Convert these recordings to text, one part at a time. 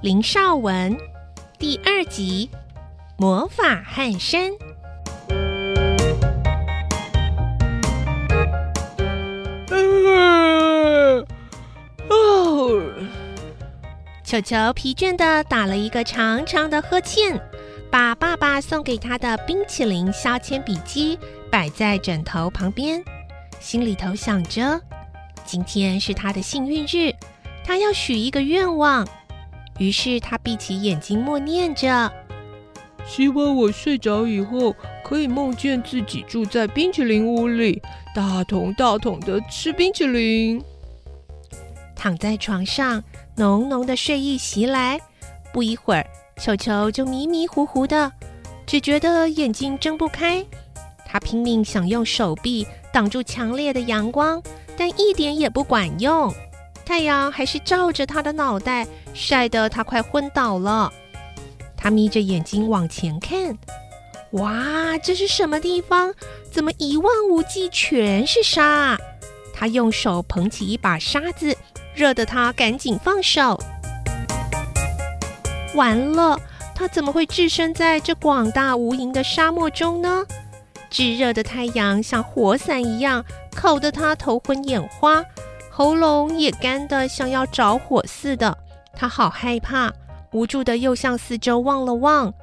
林少文第二集《魔法汗衫》嗯嗯。哦，裘裘疲倦地打了一個長長的呵欠，把爸爸送給他的冰淇淋削鉛筆機擺在枕頭旁邊，心裡頭想着：今天是他的幸運日，他要許一個願望。於是他閉起眼睛，默唸着：“希望我睡着以後，可以夢見自己住在冰淇淋屋裡，大桶大桶的吃冰淇淋。”躺在床上，濃濃的睡意襲來。不一會兒，裘裘就迷迷糊糊的，只覺得眼睛睜不開。他拼命想用手臂擋住強烈的陽光，但一點也不管用。太陽還是照着他的腦袋，曬得他快昏倒了。他眯着眼睛往前看，哇，這是什麼地方？怎麼一望無際全是沙？他用手捧起一把沙子，熱得他趕緊放手。完了，他怎麼會置身在這廣大無垠的沙漠中呢？炙熱的太陽像火傘一樣，烤得他頭昏眼花。喉嚨也乾得像要着火似的，他好害怕，無助地又向四周望了望。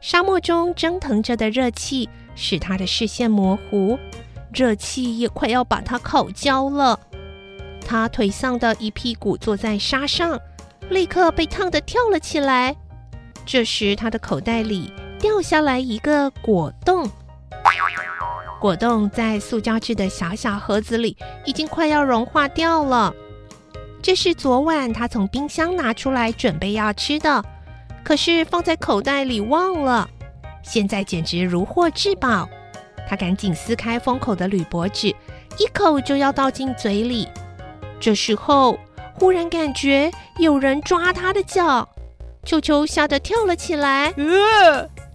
沙漠中蒸騰着的熱氣使他的視線模糊，熱氣也快要把他烤焦了。他頹喪的一屁股坐在沙上，立刻被燙得跳了起來。這時，他的口袋裡掉下來一個果凍。果凍在塑膠製的小小盒子裡，已經快要融化掉了。這是昨晚他從冰箱拿出來準備要吃的，可是放在口袋裡忘了。現在簡直如獲至寶，他趕緊撕開封口的鋁箔紙，一口就要倒進嘴裡。這時候忽然感覺有人抓他的腳，裘裘嚇得跳了起來，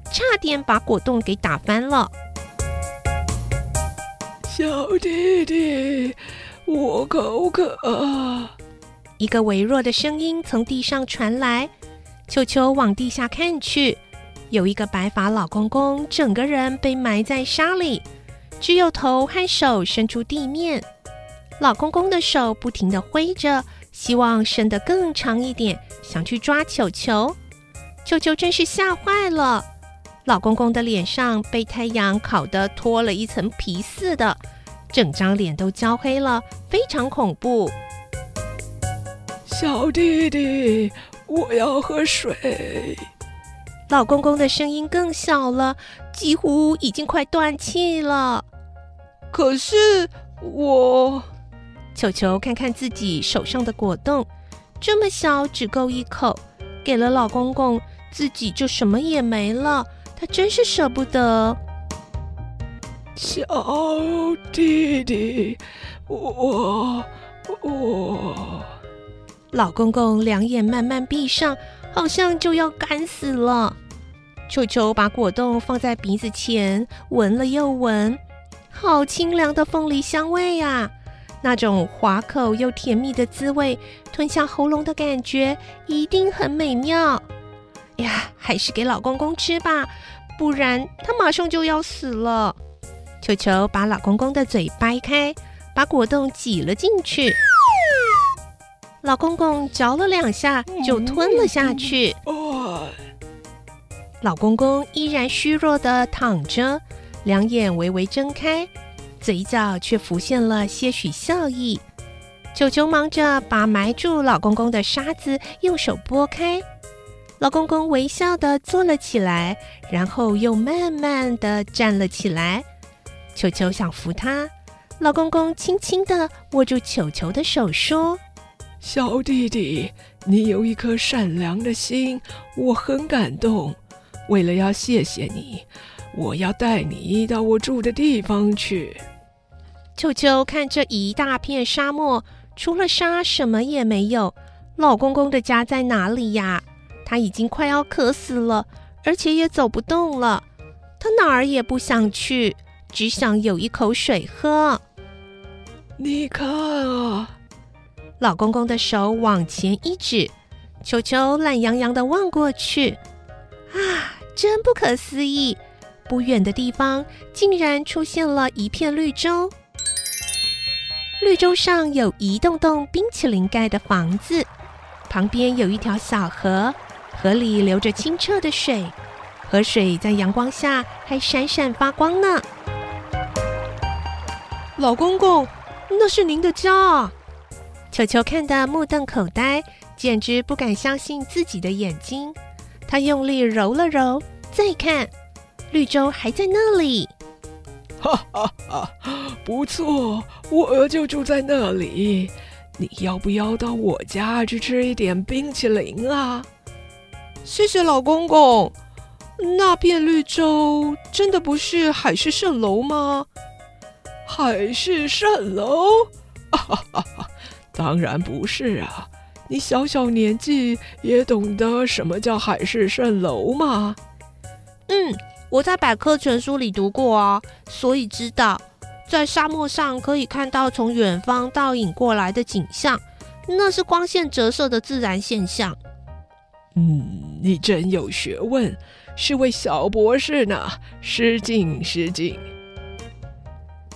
差點把果凍給打翻了。小弟弟，我口渴啊。一個微弱的聲音從地上傳來。裘裘往地下看去，有一個白髮老公公，整個人被埋在沙裡，只有頭和手伸出地面。老公公的手不停地揮着，希望伸得更長一點，想去抓裘裘。裘裘真是嚇壞了。老公公的臉上被太陽烤得脫了一層皮似的，整張臉都焦黑了，非常恐怖。小弟弟，我要喝水。老公公的聲音更小了，幾乎已經快斷氣了。可是我，裘裘看看自己手上的果凍，這麼小只夠一口，給了老公公，自己就什麼也沒了。他真是捨不得，小弟弟，我我老公公兩眼慢慢閉上，好像就要乾死了。裘裘把果凍放在鼻子前聞了又聞，好清涼的鳳梨香味呀、啊！那種滑口又甜蜜的滋味，吞下喉嚨的感覺一定很美妙。呀，還是給老公公吃吧。不然他馬上就要死了。球球把老公公的嘴掰開，把果凍擠了進去。老公公嚼了兩下，就吞了下去。嗯嗯哦、老公公依然虛弱的躺着，兩眼微微睜開，嘴角卻浮現了些許笑意。球球忙着把埋住老公公的沙子用手撥開。老公公微笑地坐了起來，然後又慢慢地站了起來。裘裘想扶他，老公公輕輕地握住裘裘的手，說：“小弟弟，你有一顆善良的心，我很感動。為了要謝謝你，我要帶你到我住的地方去。”裘裘看這一大片沙漠，除了沙什麼也沒有。老公公的家在哪裡呀？他已經快要渴死了，而且也走不動了。他哪兒也不想去，只想有一口水喝。你看啊，哦，老公公的手往前一指，球球懶洋洋地望過去。啊，真不可思議！不遠的地方竟然出現了一片綠洲，綠洲上有一棟棟冰淇淋蓋的房子，旁邊有一條小河。河裡流着清澈的水，河水在陽光下還閃閃發光呢。老公公，那是您的家。裘裘看得目瞪口呆，簡直不敢相信自己的眼睛。他用力揉了揉，再看，綠洲還在那裡。哈 哈，不錯，我就住在那裡。你要不要到我家去吃一點冰淇淋啊？謝謝老公公。那片綠洲真的不是海市蜃樓嗎？海市蜃樓？啊哈哈，當然不是啊！你小小年紀也懂得什麼叫海市蜃樓嗎？嗯，我在百科全書裡讀過啊、哦，所以知道，在沙漠上可以看到從遠方倒影過來的景象，那是光線折射的自然現象。嗯。你真有學問，是位小博士呢！失敬失敬。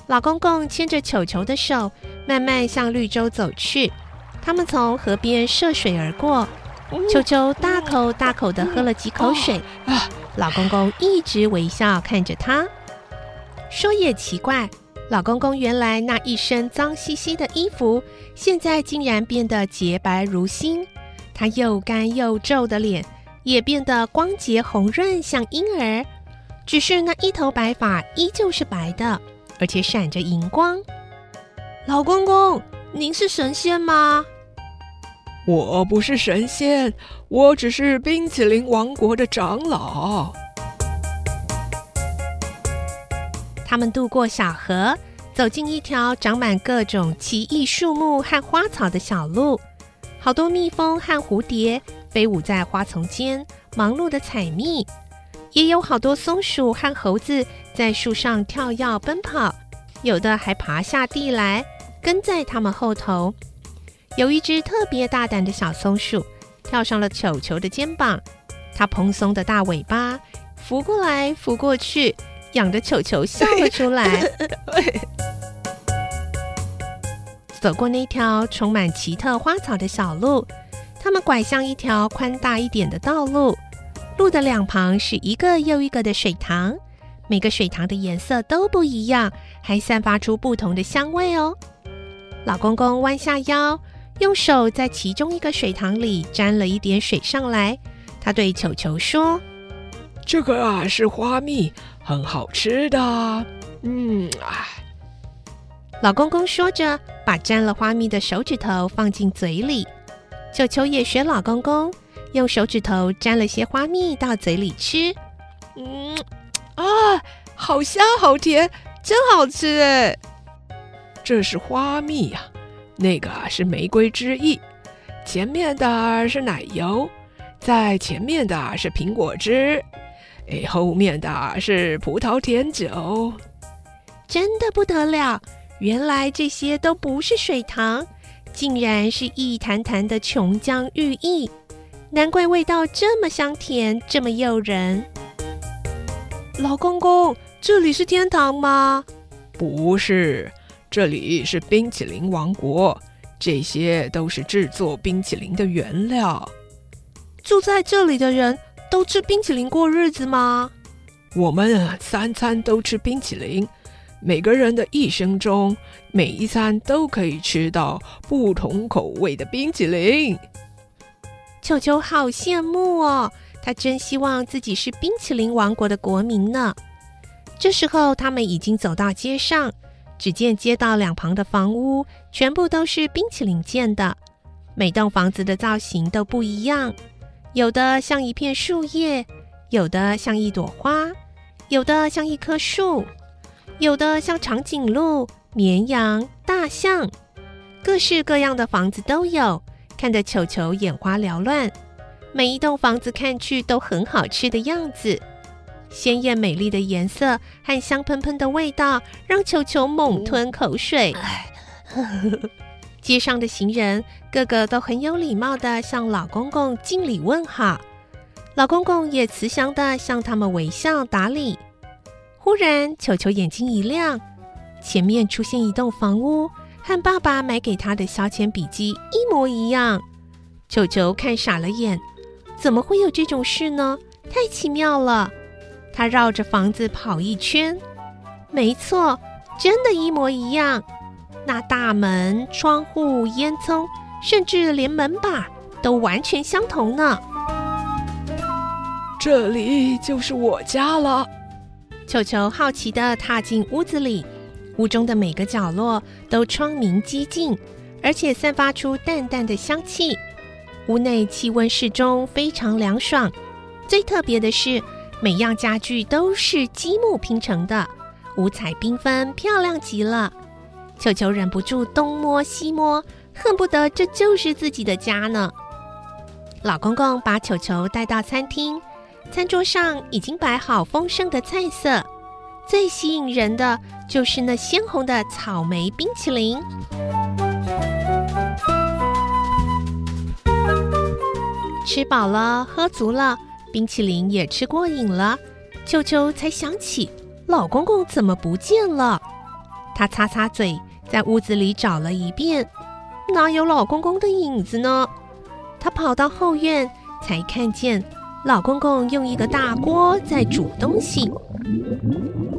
老公公牽着裘裘的手，慢慢向綠洲走去。他們從河邊涉水而過，裘、嗯、裘大口大口的喝了幾口水、嗯嗯哦啊。老公公一直微笑看着他。說也奇怪，老公公原來那一身髒兮兮的衣服，現在竟然變得潔白如新。他又乾又皺的臉。也變得光潔紅潤，像嬰兒。只是那一頭白髮依舊是白的，而且閃着銀光。老公公，您是神仙嗎？我不是神仙，我只是冰淇淋王國的長老。他們渡過小河，走進一條長滿各種奇異樹木和花草的小路，好多蜜蜂和蝴蝶。飛舞在花叢間，忙碌的採蜜；也有好多松鼠和猴子在樹上跳躍奔跑，有的還爬下地來，跟在它們後頭。有一隻特別大膽的小松鼠，跳上了裘裘的肩膀，它蓬鬆的大尾巴拂過來拂過去，癢得裘裘笑了出來。 走過那條充滿奇特花草的小路。他們拐向一條寬大一點的道路，路的兩旁是一個又一個的水塘，每個水塘的顏色都不一樣，還散發出不同的香味哦。老公公彎下腰，用手在其中一個水塘裡沾了一點水上來，他對球球說：“這個啊，是花蜜，很好吃的。嗯”嗯，老公公說着，把沾了花蜜的手指頭放進嘴裡。裘裘也學老公公用手指頭沾了些花蜜到嘴裡吃，嗯，啊，好香好甜，真好吃哎！這是花蜜呀！啊，那個是玫瑰汁液，前面的是奶油，再前面的是蘋果汁，哎，後面的是葡萄甜酒，真的不得了！原來這些都不是水塘。竟然是一罈罈的瓊漿玉液，難怪味道這麼香甜，這麼誘人。老公公，這裡是天堂嗎？不是，這裡是冰淇淋王國。這些都是制作冰淇淋的原料。住在這裡的人都吃冰淇淋過日子嗎？我們三餐都吃冰淇淋。每個人的一生中，每一餐都可以吃到不同口味的冰淇淋。裘裘好羨慕哦，他真希望自己是冰淇淋王國的國民呢。這時候，他們已經走到街上，只見街道兩旁的房屋全部都是冰淇淋建的，每棟房子的造型都不一樣，有的像一片樹葉，有的像一朵花，有的像一棵樹。有的像長頸鹿、綿羊、大象，各式各樣的房子都有，看得裘裘眼花繚亂。每一棟房子看去都很好吃的樣子，鮮豔美麗的顏色和香噴噴的味道，讓裘裘猛吞口水。 街上的行人個個都很有禮貌的向老公公敬禮問好，老公公也慈祥的向他們微笑打理。突然，裘裘眼睛一亮，前面出現一棟房屋，和爸爸買給他的削鉛筆機一模一樣。裘裘看傻了眼，怎麼會有這種事呢？太奇妙了！他繞着房子跑一圈，沒錯，真的一模一樣。那大門、窗戶、煙囪，甚至連門把，都完全相同呢。這裡就是我家了。裘裘好奇地踏進屋子裡，屋中的每個角落都窗明幾淨，而且散發出淡淡的香氣。屋內氣溫適中，非常涼爽。最特別的是，每樣家具都是積木拼成的，五彩繽紛，漂亮極了。裘裘忍不住東摸西摸，恨不得這就是自己的家呢。老公公把裘裘帶到餐廳。餐桌上已經擺好豐盛的菜色，最吸引人的就是那鮮紅的草莓冰淇淋。吃飽了，喝足了，冰淇淋也吃過癮了，裘裘才想起老公公怎麼不見了。他擦擦嘴，在屋子裡找了一遍，哪有老公公的影子呢？他跑到後院，才看見。老公公用一個大鍋在煮東西。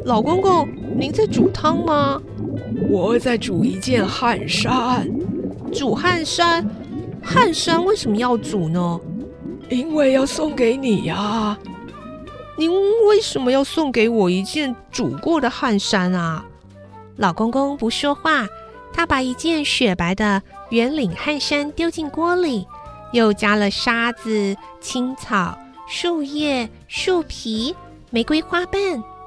老公公，您在煮湯嗎？我在煮一件汗衫。煮汗衫？汗衫為什麼要煮呢？因為要送給你呀。啊。您為什麼要送給我一件煮過的汗衫啊？老公公不說話，他把一件雪白的圓領汗衫丟進鍋裡，又加了沙子、青草。樹葉、樹皮、玫瑰花瓣、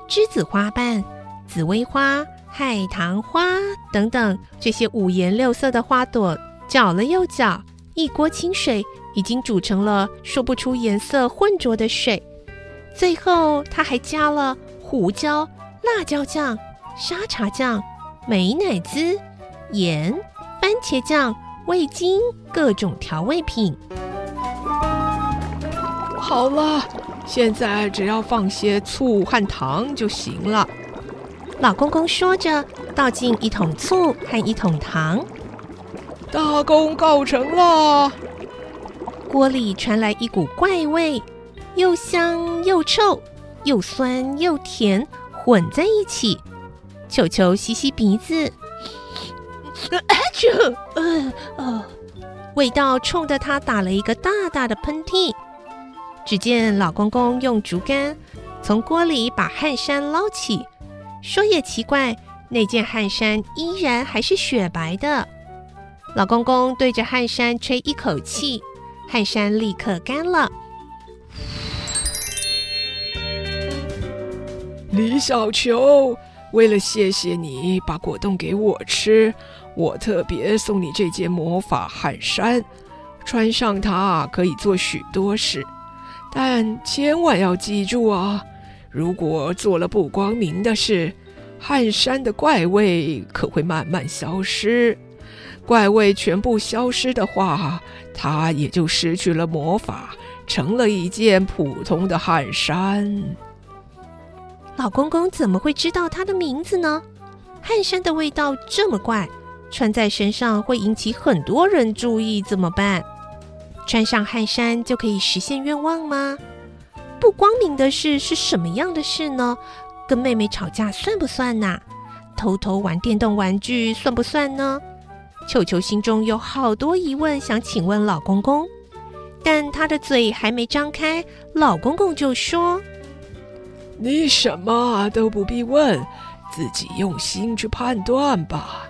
梔子花瓣、紫薇花、海棠花等等，這些五顏六色的花朵，攪了又攪，一鍋清水已經煮成了說不出顏色、渾濁的水。最後，他還加了胡椒、辣椒醬、沙茶醬、美乃滋、鹽、番茄醬、味精，各種調味品。好了，現在只要放些醋和糖就行了。老公公說着，倒進一桶醋和一桶糖，大功告成了。鍋裡傳來一股怪味，又香又臭，又酸又甜，混在一起。裘裘吸吸鼻子，球、 呃呃，呃，味道衝得他打了一個大大的噴嚏。只見老公公用竹竿從鍋裡把汗衫撈起，說也奇怪，那件汗衫依然還是雪白的。老公公對着汗衫吹一口氣，汗衫立刻乾了。李小球，為了謝謝你把果凍給我吃，我特別送你這件魔法汗衫，穿上它可以做許多事。但千萬要記住啊！如果做了不光明的事，汗衫的怪味可會慢慢消失。怪味全部消失的話，它也就失去了魔法，成了一件普通的汗衫。老公公怎麼會知道它的名字呢？汗衫的味道這麼怪，穿在身上會引起很多人注意，怎麼辦？穿上汗衫就可以實現願望嗎？不光明的事是什麼樣的事呢？跟妹妹吵架算不算吶、啊？偷偷玩電動玩具算不算呢？裘裘心中有好多疑問，想請問老公公，但他的嘴還沒張開，老公公就說：“你什麼都不必問，自己用心去判斷吧。”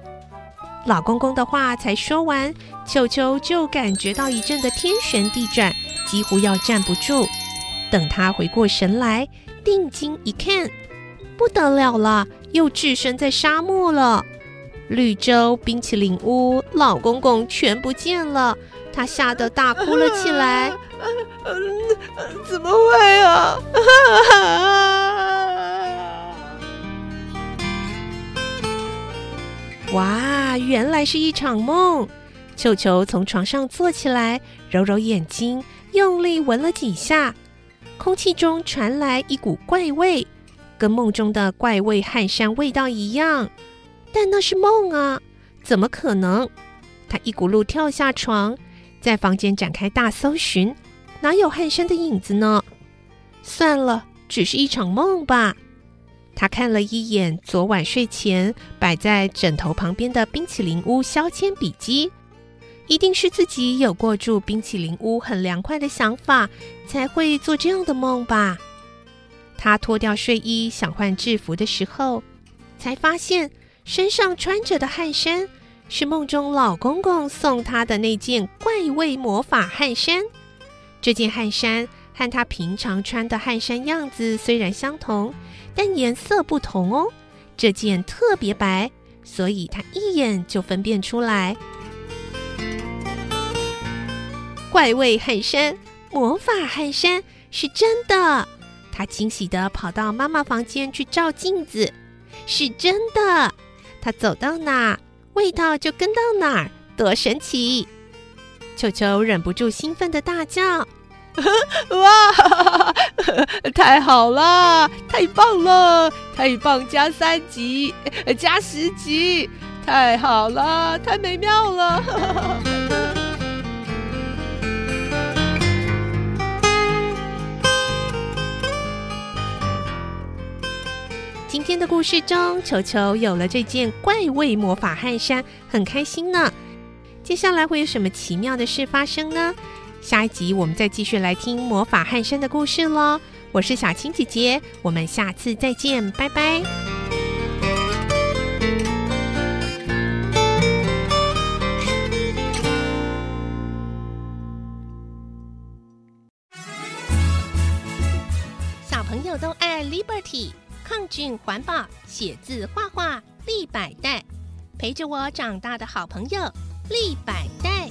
老公公的話才說完，裘裘就感覺到一陣的天旋地轉，幾乎要站不住。等他回過神來，定睛一看，不得了了，又置身在沙漠了。綠洲、冰淇淋屋、老公公全不見了，他嚇得大哭了起來。啊啊啊、怎麼會啊？啊啊哇，原來是一場夢！裘裘從床上坐起來，揉揉眼睛，用力聞了幾下，空氣中傳來一股怪味，跟夢中的怪味汗衫味道一樣。但那是夢啊，怎麼可能？他一骨碌跳下床，在房間展開大搜尋，哪有汗衫的影子呢？算了，只是一場夢吧。他看了一眼昨晚睡前擺在枕頭旁邊的冰淇淋屋削鉛筆機，一定是自己有過住冰淇淋屋很涼快的想法，才會做這樣的夢吧。他脫掉睡衣想換制服的時候，才發現身上穿着的汗衫是夢中老公公送他的那件怪味魔法汗衫。這件汗衫和他平常穿的汗衫樣子雖然相同。但顏色不同哦，這件特別白，所以他一眼就分辨出來。怪味汗衫，魔法汗衫是真的。他驚喜地跑到媽媽房間去照鏡子，是真的。他走到哪，味道就跟到哪兒，多神奇！裘裘忍不住興奮地大叫。哇， 太好了，太棒了，太棒加三級，加十級，太好了，太美妙了！ 今天的故事中，裘裘有了這件怪味魔法汗衫，很開心呢。接下來會有什麼奇妙的事發生呢？下一集我們再繼續來聽魔法汗衫的故事嘍！我是小青姐姐，我們下次再見，拜拜。小朋友都愛 Liberty，抗菌環保，寫字畫畫，立百代，陪着我長大的好朋友立百代。